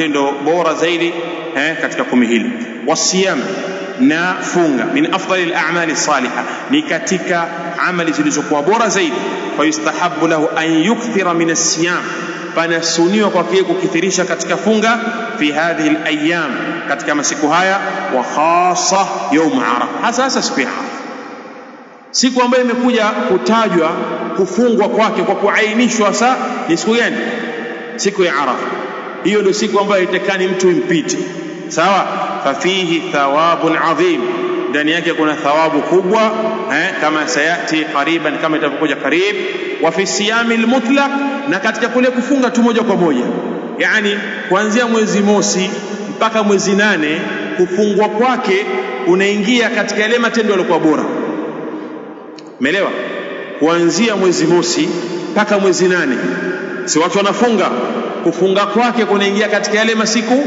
matendo bora zaidi eh, katika kumi hili. Wasiyam, na funga, min afdali al-a'mali saliha, ni katika amali zilizokuwa bora zaidi. fayustahabu lahu an yukthira min as-siyam, panasuniwa kwake kukithirisha katika funga. Fi hadhihi al-ayyam, katika masiku haya. Wa khasa yawm Arafa, hasa hasa siku ya Arafa, siku ambayo imekuja kutajwa kufungwa kwake kwa kuainishwa. Sasa ni siku gani? Siku ya Arafa hiyo ndio siku ambayo haitakani mtu impite. Sawa, fafihi thawabun adhim, ndani yake kuna thawabu kubwa eh, kama sayati qariban, kama itavyokuja karib. Wa fi siyami almutlaq, na katika kule kufunga tu moja kwa moja, yani kuanzia mwezi mosi mpaka mwezi nane, kufungwa kwake unaingia katika yale matendo yaliokuwa bora. Umeelewa? Kuanzia mwezi mosi mpaka mwezi nane, si watu wanafunga kufunga kwake kunaingia katika yale masiku,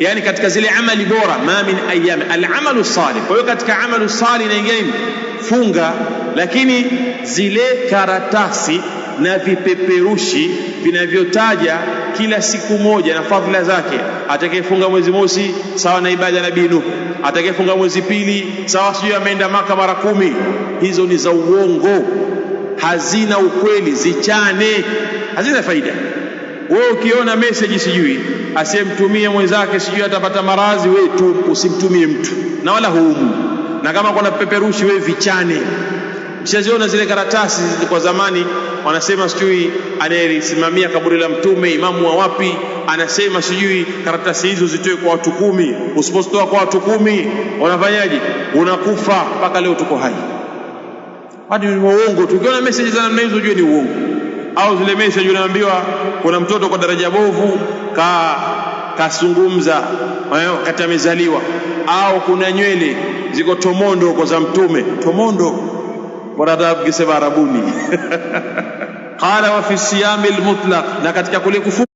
yani katika zile amali bora. ma min ayami alamalu salih. Kwa hiyo katika amalu salih inaingia nini? Funga. Lakini zile karatasi na vipeperushi vinavyotaja kila siku moja na fadhila zake. Atakayefunga mwezi mosi sawa na ibada ya Nabii Nuh, atakayefunga mwezi pili sawa, sijui ameenda Maka mara kumi. Hizo ni za uongo, hazina ukweli, zichane, hazina faida wewe ukiona message sijui asiyemtumie mwenzake sijui atapata maradhi, wewe tu usimtumie mtu na wala huumu. Na kama kuna peperushi wewe vichane. Mshaziona zile karatasi kwa zamani, wanasema sijui anayesimamia kaburi la Mtume imamu wa wapi, anasema sijui karatasi hizo zitoe kwa watu kumi. Usipotoa kwa watu kumi unafanyaje? Unakufa. Mpaka leo tuko hai hadi uongo. Tukiona message za namna hizo, ujue ni uongo au zile message unaambiwa kuna mtoto kwa daraja bovu ka kasungumza wakati amezaliwa, au kuna nywele ziko tomondo kwa za Mtume tomondo, wanadabu kisema Arabuni qala wa fi siyami almutlaq, na katika kule kufu